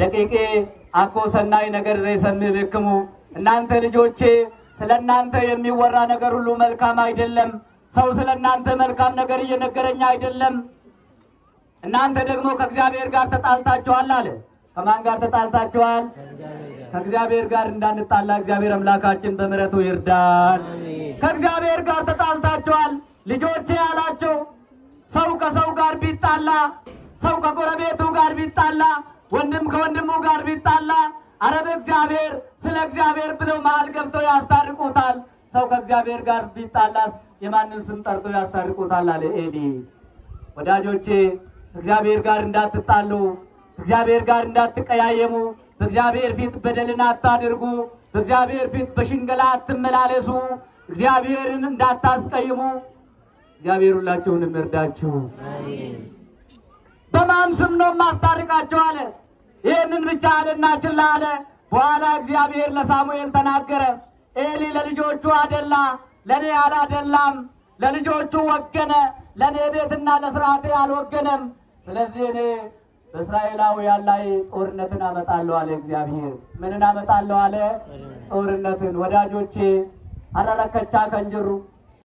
ደቂቄ አኮ ሰናይ ነገር ዘይሰምዕ ብክሙ፣ እናንተ ልጆቼ ስለ እናንተ የሚወራ ነገር ሁሉ መልካም አይደለም። ሰው ስለ እናንተ መልካም ነገር እየነገረኝ አይደለም። እናንተ ደግሞ ከእግዚአብሔር ጋር ተጣልታችኋል አለ። ከማን ጋር ተጣልታችኋል? ከእግዚአብሔር ጋር እንዳንጣላ እግዚአብሔር አምላካችን በምሕረቱ ይርዳን። ከእግዚአብሔር ጋር ተጣልታችኋል ልጆቼ አላቸው። ሰው ከሰው ጋር ቢጣላ፣ ሰው ከጎረቤቱ ጋር ቢጣላ ወንድም ከወንድሙ ጋር ቢጣላ አረ በእግዚአብሔር ስለ እግዚአብሔር ብለው መሀል ገብተው ያስታርቁታል። ሰው ከእግዚአብሔር ጋር ቢጣላስ የማንን ስም ጠርቶ ያስታርቁታል? አለ ኤሊ። ወዳጆቼ እግዚአብሔር ጋር እንዳትጣሉ፣ እግዚአብሔር ጋር እንዳትቀያየሙ፣ በእግዚአብሔር ፊት በደልን አታድርጉ፣ በእግዚአብሔር ፊት በሽንገላ አትመላለሱ፣ እግዚአብሔርን እንዳታስቀይሙ። እግዚአብሔር ሁላችሁንም እርዳችሁ። በስም ስም ነው ማስታርቃቸው አለ። ይህንን ብቻ አለና ችላ አለ። በኋላ እግዚአብሔር ለሳሙኤል ተናገረ። ኤሊ ለልጆቹ አደላ፣ ለእኔ አላደላም። ለልጆቹ ወገነ፣ ለእኔ ቤትና ለስርዓቴ አልወገነም። ስለዚህ እኔ በእስራኤላውያን ላይ ጦርነትን አመጣለሁ አለ እግዚአብሔር። ምንን አመጣለሁ አለ? ጦርነትን። ወዳጆቼ አረረከቻ ከንጅሩ